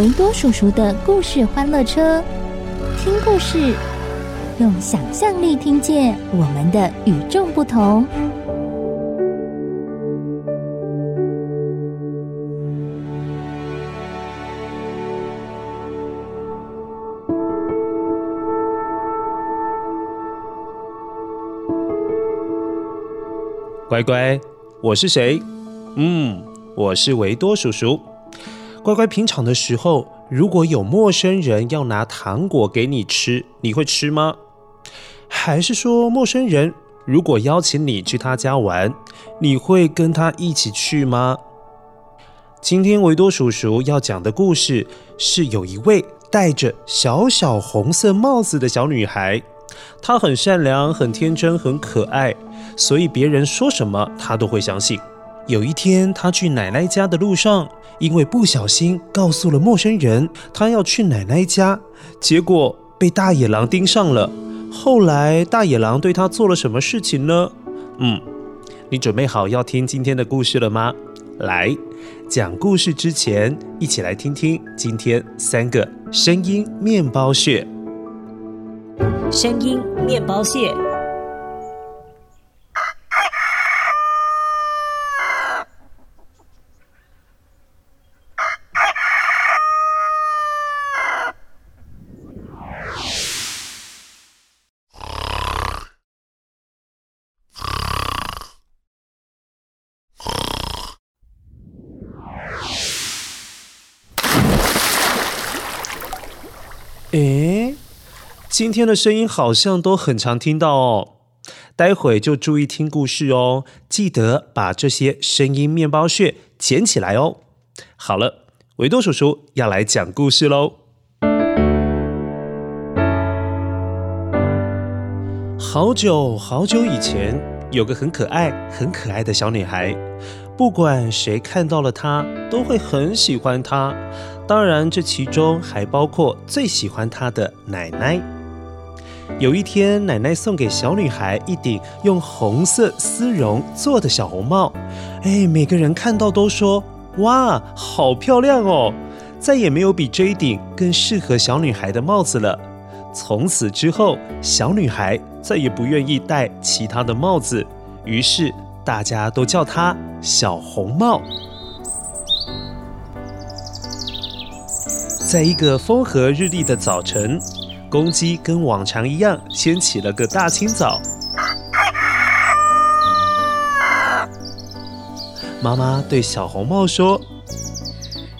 維多叔叔的故事歡樂車，聽故事，用想象力聽見我們的與眾不同。乖乖，我是誰？嗯，我是維多叔叔。乖乖，平常的時候，如果有陌生人要拿糖果給你吃，你會吃嗎？還是說，陌生人如果邀請你去他家玩，你會跟他一起去嗎？今天維多叔叔要講的故事是，有一位戴着小小紅色帽子的小女孩，她很善良、很天真、很可愛，所以別人說什麼她都會相信。有一天，她去奶奶家的路上，因為不小心告訴了陌生人她要去奶奶家，結果被大野狼盯上了。後來，大野狼對她做了什麼事情呢？嗯，你準備好要聽今天的故事了嗎？來，講故事之前，一起來聽聽今天三個聲音麵包屑、聲音麵包屑。誒，今天的聲音好像都很常聽到哦。待會就注意聽故事哦，記得把這些聲音面包屑撿起來哦。好了，維多叔叔要來講故事嘍。好久好久以前，有個很可愛、很可愛的小女孩。不管誰看到了她，都會很喜歡她。當然，這其中還包括最喜歡她的奶奶。有一天，奶奶送給小女孩一頂用紅色絲絨做的小紅帽。哎，每個人看到都說：“哇，好漂亮哦！”再也沒有比這一頂更適合小女孩的帽子了。從此之後，小女孩再也不願意戴其他的帽子。於是，大家都叫它小紅帽。在一個風和日麗的早晨，公雞跟往常一樣先起了個大清早。媽媽對小紅帽說：“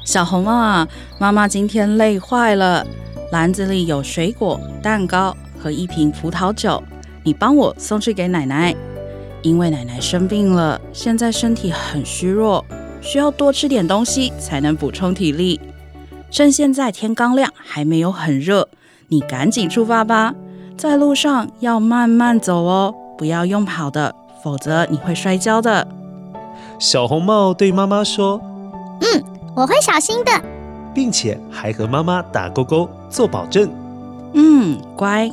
小紅帽啊，媽媽今天累壞了，籃子裡有水果、蛋糕和一瓶葡萄酒，你幫我送去給奶奶。”因為奶奶生病了，現在身體很虛弱，需要多吃點東西才能補充體力。趁現在天剛亮，還沒有很熱，你趕緊出發吧。在路上要慢慢走哦，不要用跑的，否則你會摔跤的。小紅帽對媽媽說：“嗯，我會小心的，並且還和媽媽打勾勾做保證。”嗯，乖。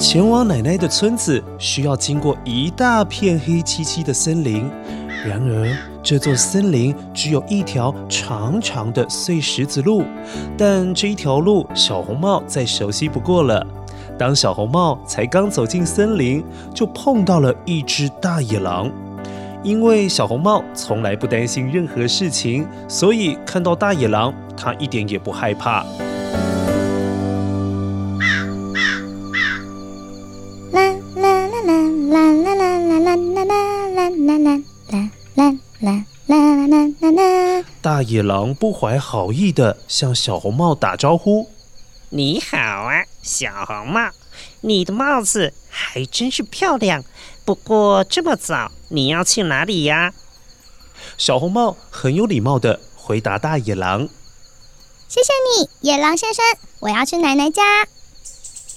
前往奶奶的村子，需要經過一大片黑漆漆的森林。然而這座森林只有一條長長的碎石子路，但這一條路小紅帽再熟悉不過了。當小紅帽才剛走進森林，就碰到了一隻大野狼。因為小紅帽從來不擔心任何事情，所以看到大野狼，她一點也不害怕。大野狼不懷好意的向小紅帽打招呼：“你好啊，小紅帽，你的帽子還真是漂亮。不過這麼早，你要去哪裡呀？”小紅帽很有禮貌的回答大野狼：“謝謝你，野狼先生，我要去奶奶家。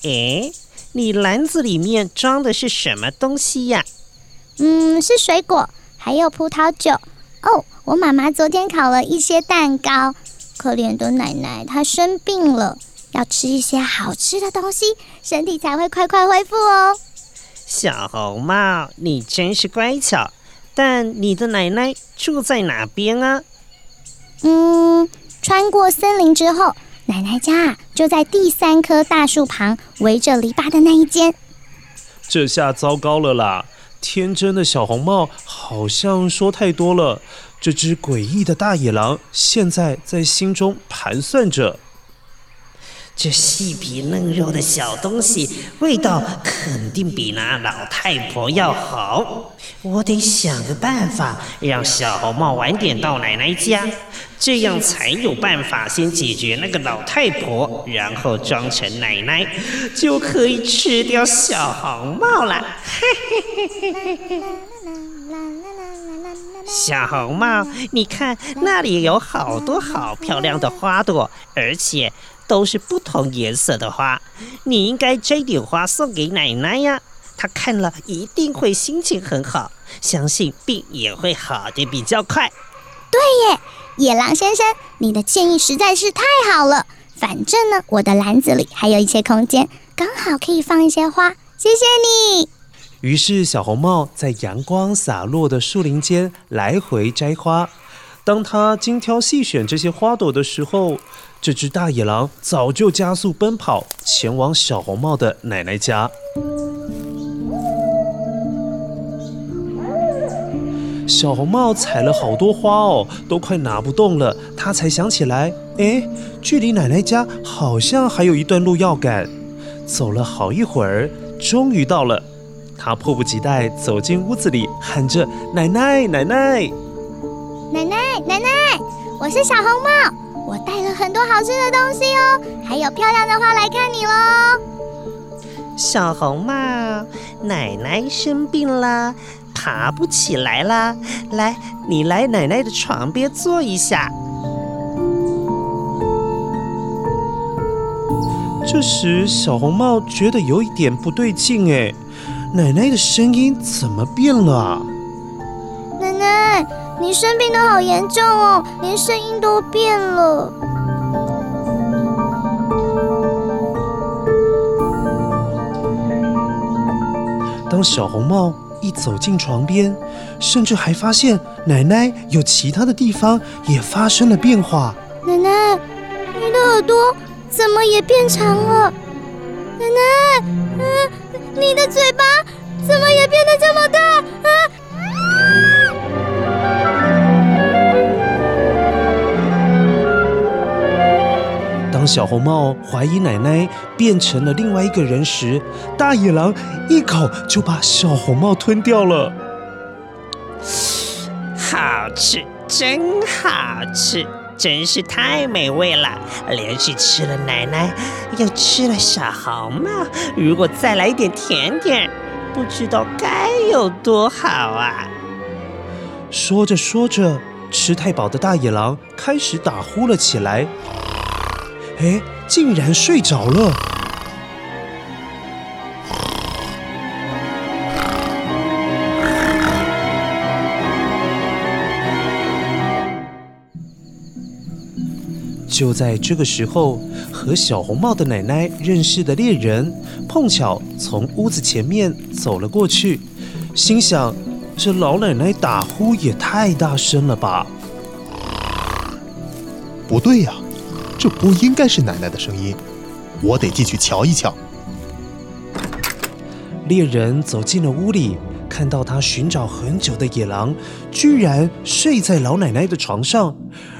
誒，你籃子裡面裝的是什麼東西呀？”“嗯，是水果，還有葡萄酒。”哦，oh, 我媽媽昨天烤了一些蛋糕。可憐的奶奶，她生病了，要吃一些好吃的東西，身體才會快快恢復哦。小紅帽，你真是乖巧。但你的奶奶住在哪邊啊？嗯，穿過森林之後，奶奶家就在第三棵大樹旁，圍着籬笆的那一間。這下糟糕了啦！天真的小紅帽好像說太多了，這隻詭異的大野狼現在在心中盤算着。這細皮嫩肉的小東西，味道肯定比那老太婆要好。我得想個辦法，讓小紅帽晚點到奶奶家，這樣才有辦法先解決那個老太婆，然後裝成奶奶，就可以吃掉小紅帽了。嘿嘿嘿嘿嘿嘿！小紅帽，你看那裡有好多好漂亮的花朵，而且，都是不同顏色的花，你應該摘點花送給奶奶呀、啊，她看了一定會心情很好，相信病也會好得比較快。對耶，野狼先生，你的建議實在是太好了。反正呢，我的籃子裡還有一些空間，剛好可以放一些花。謝謝你。於是，小紅帽在陽光灑落的樹林間來回摘花。當她精挑細選這些花朵的時候。這隻大野狼早就加速奔跑，前往小紅帽的奶奶家。小紅帽採了好多花哦，都快拿不動了。他才想起來，哎，距離奶奶家好像還有一段路要趕。走了好一會兒，終於到了。他迫不及待走進屋子裡，喊着：“奶奶，奶奶，奶奶，奶奶，我是小紅帽。”我帶了很多好吃的東西哦，還有漂亮的花來看你嘍。小紅帽，奶奶生病了，爬不起來了，來，你來奶奶的床邊坐一下。這時，小紅帽覺得有一點不對勁哎，奶奶的聲音怎麼變了？奶奶。你生病的好嚴重哦，連聲音都變了。當小紅帽一走進床邊，甚至還發現奶奶有其他的地方也發生了變化。奶奶，你的耳朵怎麼也變長了？奶奶，嗯、呃，你的嘴巴怎麼也變得這麼大？當小紅帽懷疑奶奶變成了另外一個人時，大野狼一口就把小紅帽吞掉了。好吃，真好吃，真是太美味了！連續吃了奶奶，又吃了小紅帽，如果再來一點甜點，不知道該有多好啊！說着說着，吃太飽的大野狼開始打呼了起來。哎，竟然睡着了！就在這個時候，和小紅帽的奶奶認識的獵人，碰巧從屋子前面走了過去，心想：這老奶奶打呼也太大聲了吧？不對呀、啊！這不應該是奶奶的聲音，我得進去瞧一瞧。獵人走進了屋裡，看到他尋找很久的野狼，居然睡在老奶奶的床上，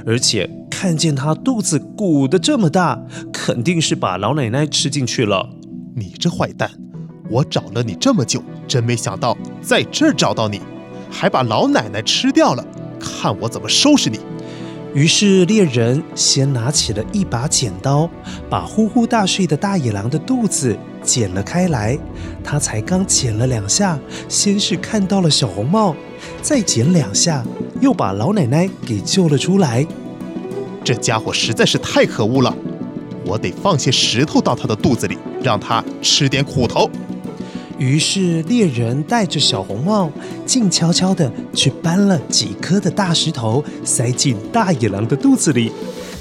而且看見他肚子鼓得這麼大，肯定是把老奶奶吃進去了。你這壞蛋，我找了你這麼久，真沒想到在這兒找到你，還把老奶奶吃掉了，看我怎麼收拾你！於是獵人先拿起了一把剪刀，把呼呼大睡的大野狼的肚子剪了開來。他才剛剪了兩下，先是看到了小紅帽，再剪兩下，又把老奶奶給救了出來。這家伙實在是太可惡了，我得放些石頭到他的肚子裡，讓他吃點苦頭。於是獵人帶着小紅帽，靜悄悄地去搬了幾顆的大石頭，塞進大野狼的肚子裡，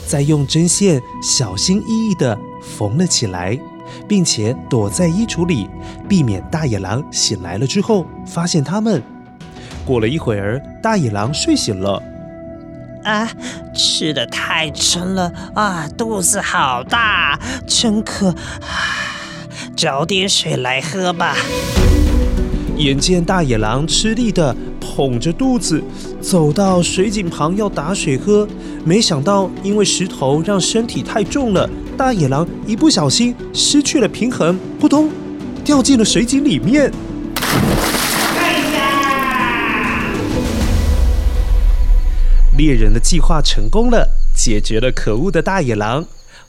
再用針線小心翼翼地縫了起來，並且躲在衣櫥裡，避免大野狼醒來了之後發現他們。過了一會兒，大野狼睡醒了，啊，吃的太撐了啊，肚子好大，真可，啊找點水來喝吧。眼見大野狼吃力的捧着肚子走到水井旁要打水喝，沒想到因為石頭讓身體太重了，大野狼一不小心失去了平衡，撲通掉進了水井裡面。哎呀！獵人的計劃成功了，解決了可惡的大野狼。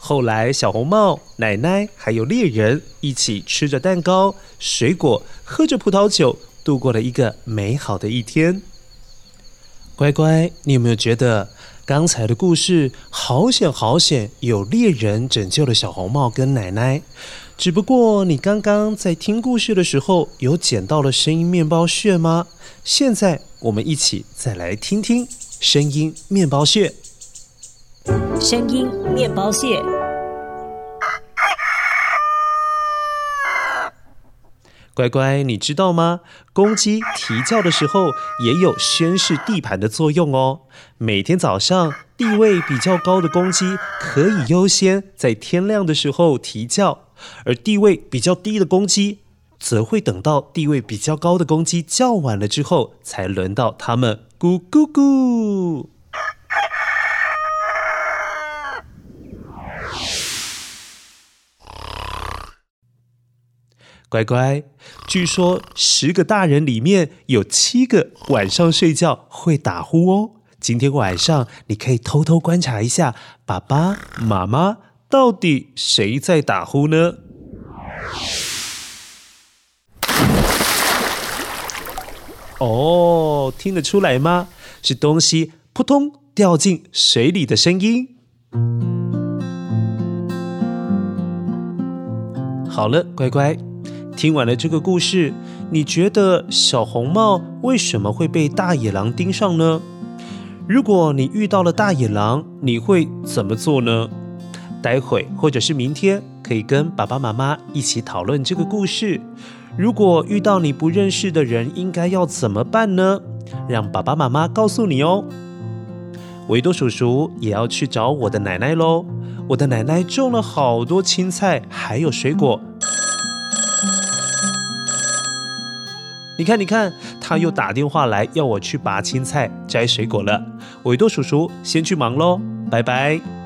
後來，小紅帽、奶奶還有獵人一起吃着蛋糕、水果，喝着葡萄酒，度過了一個美好的一天。乖乖，你有沒有覺得剛才的故事好險好險？有獵人拯救了小紅帽跟奶奶。只不過你剛剛在聽故事的時候，有撿到了聲音麵包屑嗎？現在我們一起再來聽聽聲音麵包屑。聲音麵包屑。乖乖，你知道嗎？公雞啼叫的時候也有宣示地盤的作用哦。每天早上，地位比較高的公雞可以優先在天亮的時候啼叫，而地位比較低的公雞則會等到地位比較高的公雞叫完了之後，才輪到它們咕咕咕。乖乖，據說十個大人裡面有七個晚上睡覺會打呼哦。今天晚上你可以偷偷觀察一下，爸爸媽媽到底誰在打呼呢？哦，聽得出來嗎？是東西撲通掉進水裡的聲音。好了，乖乖。聽完了這個故事，你覺得小紅帽為什麼會被大野狼盯上呢？如果你遇到了大野狼，你會怎麼做呢？待會或者是明天可以跟爸爸媽媽一起討論這個故事。如果遇到你不認識的人，應該要怎麼辦呢？讓爸爸媽媽告訴你哦。維多叔叔也要去找我的奶奶嘍。我的奶奶種了好多青菜，還有水果。你看，你看，他又打電話來，要我去拔青菜、摘水果了。維多叔叔，先去忙嘍，拜拜。